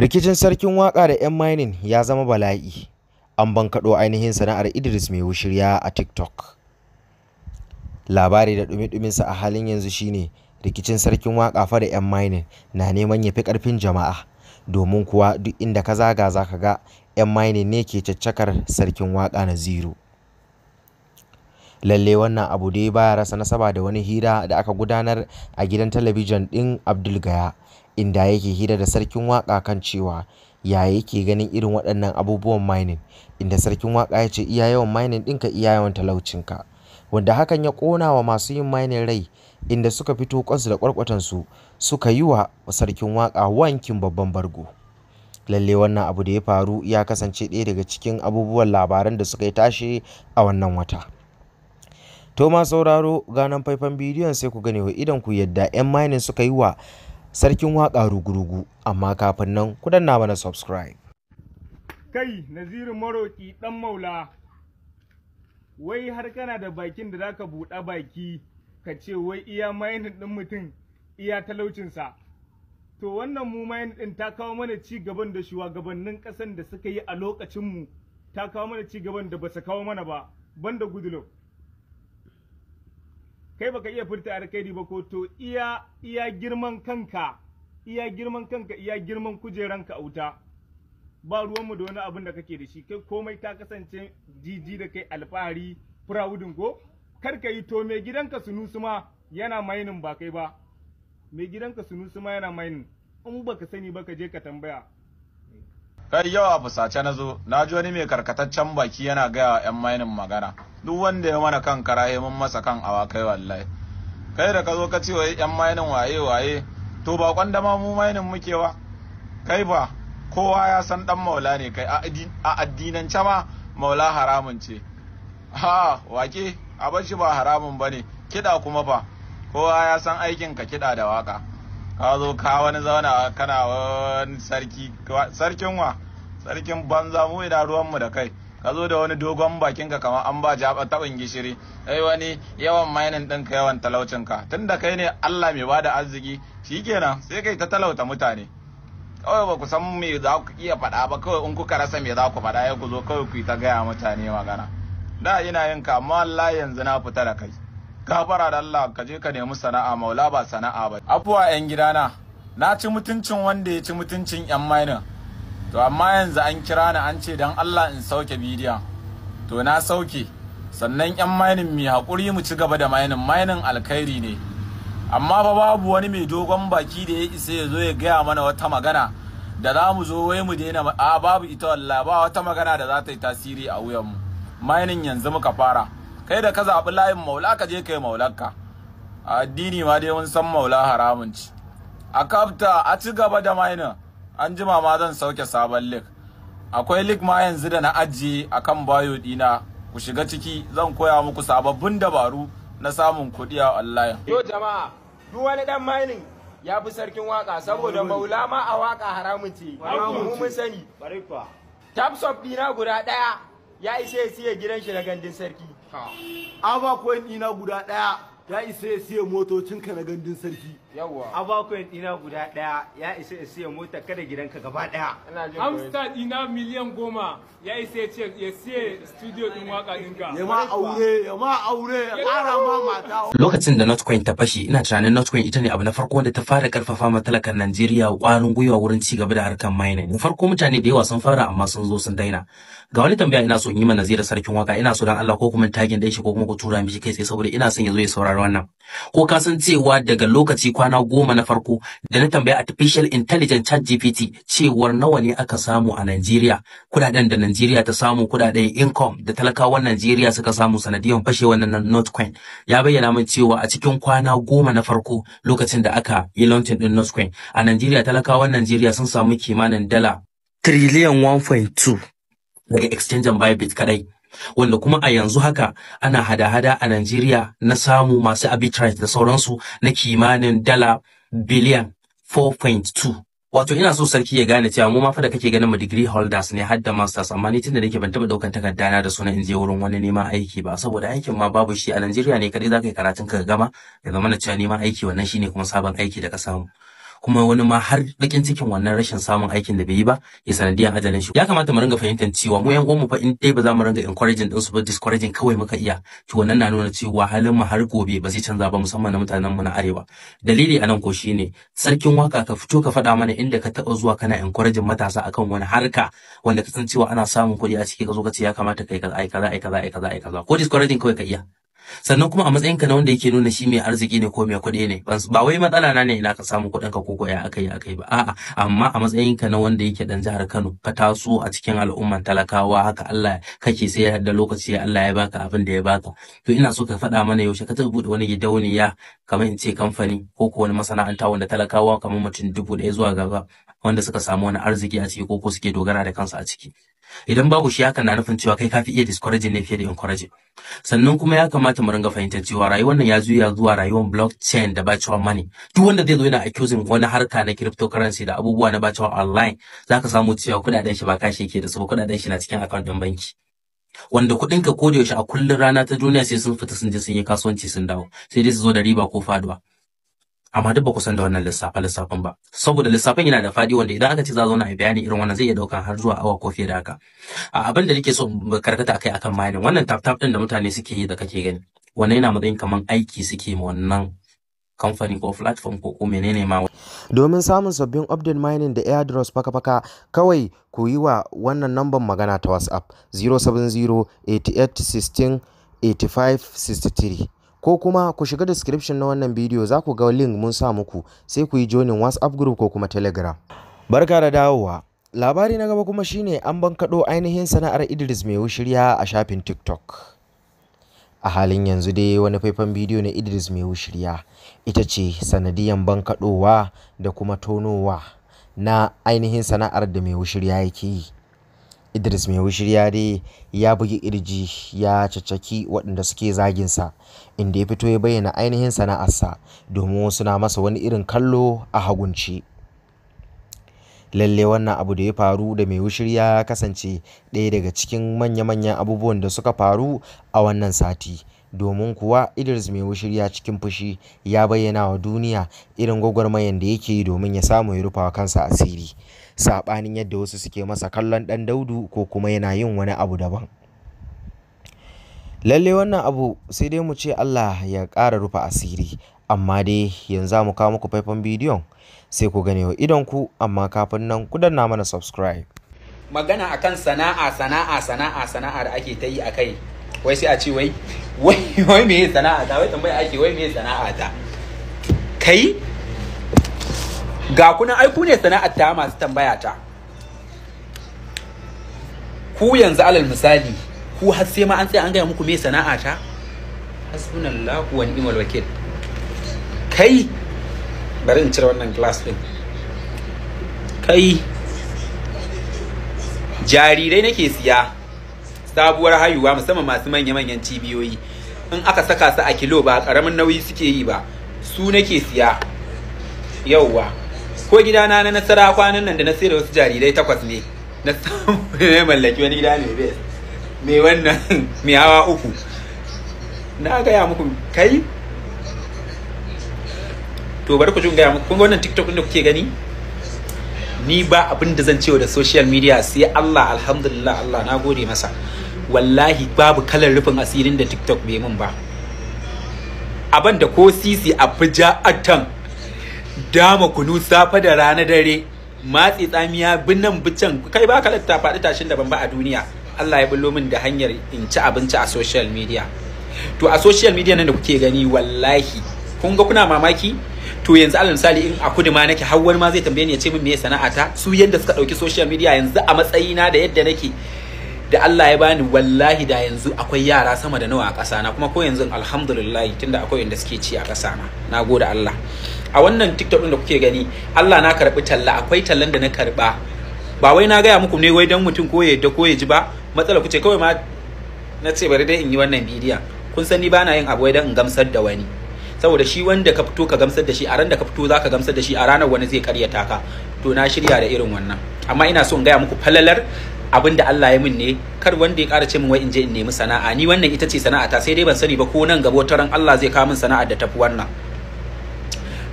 Rikicin sarkin waka da 'yan mining ya zama bala'i. An bankaɗo ainihin sana'ar Idris mai wushirya a TikTok. Labari da ɗumi sa a halin yanzu shine rikicin sarkin waka fa da 'yan mining na neman ya fi ƙarfin jama'a. Domin kuwa duk inda ka zaga zaka ga 'yan mining ne ke caccakar sarkin waka na zero. Lalle wannan abu dai ya rasa nasaba da wani hira da aka gudanar a gidan talabijin din Abdul Gaya, inda yake hira da sarkin waka kan cewa yaya yake ganin irin waɗannan abubuwan mining, inda sarkin waka ya ce iya yawan mining ɗinka iya yawan talaucinka. Wanda hakan ya ƙona wa masu yin mining rai inda suka fito ƙwansu da ƙwarƙwatansu suka yi wa sarkin waka wankin babban bargo. Lalle wannan abu da ya faru ya kasance ɗaya daga cikin abubuwan labaran da suka yi tashe a wannan wata. To ma sauraro ganan faifan bidiyon sai ku gane wa idan ku yadda 'yan mining suka yi wa sarkin waka rugurugu amma kafin nan ku danna mana subscribe. Kai Naziru Maroki dan maula wai har kana da bakin da zaka buɗa baki ka ce wai iya mining ɗin mutum iya talaucinsa. to wannan mu mayan din ta kawo mana ci gaban da shugabannin kasan da suka yi a lokacin mu ta kawo mana ci gaban da ba su kawo mana ba banda gudulo kai baka iya furta alkhairi ba ko to iya iya girman kanka iya girman kanka iya girman kujeranka a wuta ba ruwanmu da wani abin da kake da shi kai komai ka kasance jiji da kai alfahari firawudin ko kar ka yi to mai gidanka sunusu ma yana mainin ba kai ba mai gidanka sunusu ma yana mainin in baka sani ba ka je ka tambaya kai yau a fusace na zo na ji wani mai karkataccen baki yana gaya wa yan mainin magana duk wanda ya mana kan karaye mun masa kan kai wallahi kai da ka zo ka ce wai yan mainin waye waye to ba kwandama mu mainin muke wa kai ba kowa ya san dan maula ne kai a addinance ma maula haramun ce ha wake a shi ba haramun ba ne kiɗa kuma fa kowa ya san aikin ka kiɗa da waka ka zo ka wani zauna kana wani sarki sarkin wa sarkin banza mu ina mu da kai ka zo da wani dogon bakin ka kamar an ba jaba tabin gishiri ai wani yawan mainin din ka yawan talaucin ka tunda kai ne Allah mai bada arziki shi shikenan sai kai ta talauta mutane kawai ba ku san me za ku iya faɗa ba kawai in kuka rasa me za ku faɗa ya ku zo kawai ku yi ta gaya mutane magana da ina yin ka amma Allah yanzu na fita da kai gafara da Allah ka je ka nemi sana'a maula ba sana'a ba abuwa yan gidana na ci mutuncin wanda ya ci mutuncin yan mainin to amma yanzu an kira ni an ce dan Allah in sauke bidiyon to na sauke sannan yan mainin mai haƙuri mu ci gaba da mainin mainin alkhairi ne amma fa babu wani mai dogon baki da ya isa ya zo ya gaya mana wata magana da za mu zo wai mu daina a babu ita walla ba wata magana da za ta yi tasiri a wuyan mu. mainin yanzu muka fara kai da ka zaɓi layin maula ka je kai maularka a addini ma dai mun san maula haramun ci a kafta a ci gaba da mainin an jima ma zan sauke sabon link akwai lik ma yanzu da na ajiye akan bayo dina ku shiga ciki zan koya muku sababbin dabaru na samun kuɗi a online yo jama'a duk wani dan mining ya fi sarkin waka saboda maula ma a waka haramun ce mu mun sani tapsop dina guda daya ya isa ya siya gidan shi na gandun sarki ava dina guda daya ya isa ya siya motocin ka na gandun sarki yawa dina guda daya ya isa ya siya mota kada gidanka gaba daya hamster dina miliyan goma ya siya studio ɗin waka ya aure lokacin da notcoin ta fashe ina tunanin notcoin ita ne abu na farko wanda ta fara karfafa ma talakan Najeriya kwarin gwiwa wurin ci gaba da harkar mining da farko mutane da yawa sun fara amma sun zo sun daina ga wani tambaya ina so in yi ma Nazira sarkin waka ina so dan Allah ko kuma tagin da shi ko kuma ku tura mishi kai tsaye saboda ina son ya zo ya saurari wannan ko ka san cewa daga lokaci kwana goma na farko da na tambaya artificial intelligence chat GPT cewar nawa ne aka samu a Najeriya kudaden da Najeriya ta samu kudaden income da talakawan Najeriya suka samu sanadiyan fashewar nan Notcoin ya bayyana min cewa a cikin kwana goma na farko lokacin da aka yi launching din Notcoin a Najeriya talakawan Najeriya sun samu kimanin dala triliyan 1.2 daga exchanger Bybit kadai wanda kuma a yanzu haka ana hada-hada a Najeriya na samu masu arbitrage da sauransu na kimanin dala biliyan 4.2 wato ina so sarki ya gane cewa mu ma fa da kake ganin mu degree holders ne har da masters amma ni tunda nake ban taba daukan takarda na da sunan in je wurin wani neman aiki ba saboda aikin ma babu shi a Najeriya ne kadai zaka yi karatun ka gama ya zama na cewa neman aiki wannan shine kuma sabon aiki da ka samu kuma wani ma har bakin cikin wannan rashin samun aikin da bai yi ba ya sanadiyan ajalin shi ya kamata mu ringa fahimtar cewa mu yan uwanmu fa in dai ba za mu ringa encouraging din su ba discouraging kawai muka iya to wannan na nuna cewa halin mu har gobe ba zai canza ba musamman na mutanen mu na arewa dalili anan ko shine sarkin waka ka fito ka faɗa mana inda ka taɓa zuwa kana encouraging matasa akan wani harka wanda ka san cewa ana samun kuɗi a ciki ka zo ka ce ya kamata kai kaza ai kaza ai kaza ai ko discouraging kawai ka iya sannan kuma a matsayinka na wanda yake nuna shi mai arziki ne ko mai kuɗi ne ba wai matsala na ne ina ka samu kuɗin ka koko ya akai akai ba a'a amma a matsayinka na wanda yake dan jihar Kano ka taso a cikin al'umman talakawa haka Allah kake sai da lokaci Allah ya baka abin da ya baka to ina so ka faɗa mana yaushe ka taɓa bude wani gidauniya kamar in ce kamfani ko ko wani masana'anta wanda talakawa kamar mutum dubu ɗaya zuwa gaba wanda suka samu wani arziki a ciki ko ko suke dogara da kansu a ciki idan babu shi hakan na nufin cewa kai ka fi iya discouraging ne fiye da encouraging sannan kuma ya kamata mu ringa fahimtar cewa rayuwar nan ya zuwa rayuwar blockchain da bacewa money duk wanda zai zo yana accusing wani harka na cryptocurrency da abubuwa na bacewa online zaka samu cewa kuɗaɗen shi ba kashi yake da su ba kudaden shi na cikin account din banki wanda kuɗin ka koda yaushe a kullun rana ta duniya sai sun fita sun je sun yi kasuwanci sun dawo sai dai su zo da riba ko faduwa amma duk ba ku san da wannan lissafa lissafin ba saboda lissafin yana da fadi wanda idan aka ce za zauna na bayani irin wannan zai iya dauka har zuwa awa ko fiye da haka a abin da nake so karkata akai akan mai wannan tap tap din da mutane suke yi da kake gani wannan yana matsayin kaman aiki suke ma wannan kamfani ko platform ko ko menene ma domin samun sabbin update mining da airdrops faka-faka kawai ku yi wa wannan namban magana ta whatsapp 0708816 88 ko kuma ku shiga description na wannan bidiyo za ku ga link mun sa muku sai ku yi joinin WhatsApp group ko kuma Telegram. Barka da dawowa. Labari na gaba kuma shine an bankaɗo ainihin sana'ar Idris mai wushirya a shafin TikTok. a halin yanzu dai wani faifan bidiyo na idris mai wushirya ita ce sanadiyan bankaɗowa da kuma tonowa na ainihin sana'ar da mai wushirya yake yi Idris mai wushirya ya bugi irji ya caccaki waɗanda suke zaginsa inda ya fito ya bayyana ainihin sana'arsa domin suna masa wani irin kallo a hagunci. Lalle wannan abu da ya faru da mai wushir ya kasance ɗaya daga cikin manya-manyan abubuwan da suka faru a wannan sati. domin kuwa Idris mai wushirya cikin fushi ya bayyana wa duniya irin gwagwarmayan da yake yi domin ya samu ya rufa kansa asiri. saɓanin yadda wasu suke masa kallon ɗan daudu ko kuma yana yin wani abu daban lalle wannan abu sai dai mu ce Allah ya ƙara rufe asiri amma dai yanzu mu kawo muku faifan bidiyon sai ku gane wa idon ku amma kafin nan ku danna mana subscribe magana akan sana'a sana'a sana'a sana'a da ake ta yi a kai wai sai a ce wai wai me sana'a ta wai tambaya ake wai me sana'a ta kai ga kuna aiku ne sana'ar ta masu tambaya ta ku yanzu alal misali ku har sai ma an tsaya an gaya muku me sana'a ta hasbunallahu wa ni'mal wakil kai bari in cire wannan glass din kai jarirai nake siya sabuwar haihuwa musamman masu manya-manyan cibiyoyi in aka saka su a kilo ba karamin nauyi suke yi ba su nake siya yauwa ko gidana na nasara kwanan nan da na sayar wasu jarirai takwas ne na samu ne mallaki wani gida mai bes mai wannan mai hawa uku na gaya muku kai to bari ku jin gaya muku kun ga wannan tiktok da kuke gani ni ba abin da zan cewa da social media sai Allah alhamdulillah Allah na gode masa wallahi babu kalar rufin asirin da tiktok bai mun ba abin da ko sisi a fija atan dama kunu safe da rana dare matsi tsamiya binnan bican kai ba ka latta faɗi tashin daban ba a duniya Allah ya bullo min da hanyar in ci abinci a social media to a social media nan da kuke gani wallahi kun ga kuna mamaki to yanzu alal misali in a kudu ma nake har wani ma zai tambaye ni ya ce min me sana'ata su yanda suka dauki social media yanzu a matsayina da yadda nake da Allah ya bani wallahi da yanzu akwai yara sama da nawa a na kuma ko yanzu alhamdulillah tunda akwai inda suke ci a kasa na gode Allah a wannan tiktok din da kuke gani Allah na karbi talla akwai tallan da na karba ba wai na gaya muku ne wai dan mutum ko ya ko ya ji ba matsala kuce kawai ma na ce bari dai in yi wannan bidiyon kun sani ba na yin abu wai dan in gamsar da wani saboda shi wanda ka fito ka gamsar da shi a ran da ka fito za ka gamsar da shi a ranar wani zai karyata ka to na shirya da irin wannan amma ina so in gaya muku falalar abin da Allah ya min ne kar wanda ya ƙara ce min wai in je in nemi sana'a ni wannan ita ce sana'a ta sai dai ban sani ba ko nan gaba wata ran Allah zai kawo min sana'a da tafi wannan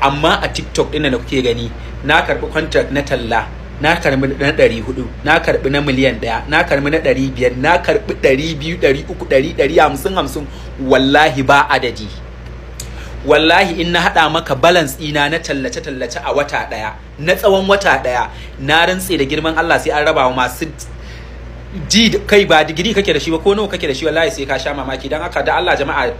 amma a tiktok ɗin da kuke gani na karɓi contract na talla na karɓi na ɗari hudu na karɓi na miliyan ɗaya na karɓi na ɗari biyar na karɓi ɗari biyu ɗari uku ɗari ɗari hamsin hamsin wallahi ba adadi wallahi in na haɗa maka balance ɗina na tallace-tallace a wata ɗaya na tsawon wata ɗaya na rantse da girman Allah sai an raba wa masu ji kai ba digiri kake da shi ba ko nawa kake da shi wallahi sai ka sha mamaki dan haka da Allah jama'a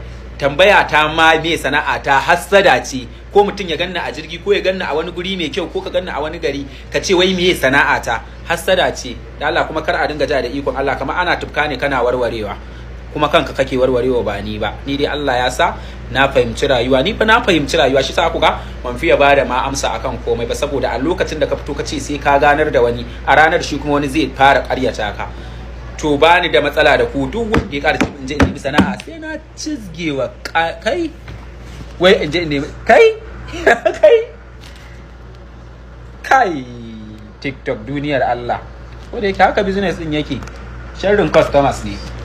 tambaya ta ma me sana'a ta hassada ce ko mutum ya ganna a jirgi ko ya ganna a wani guri mai kyau ko ka ganna a wani gari ka ce wai me sana'a ta hassada ce da Allah kuma kar a dinga ja da ikon Allah kamar ana tufka ne kana warwarewa kuma kanka kake warwarewa ba ni ba ni dai Allah ya sa na fahimci rayuwa ni fa na fahimci rayuwa shi sa ku ga ban fiye ba da ma amsa akan komai ba saboda a lokacin da ka fito ka ce sai ka ganar da wani a ranar shi kuma wani zai fara ƙaryata ka to ba da matsala da ku duk wanda ya ƙara in je in nemi sana'a sai na cizgewa kai wai in je in nemi kai kai kai tiktok duniyar Allah ko yake haka business din yake sharrin customers ne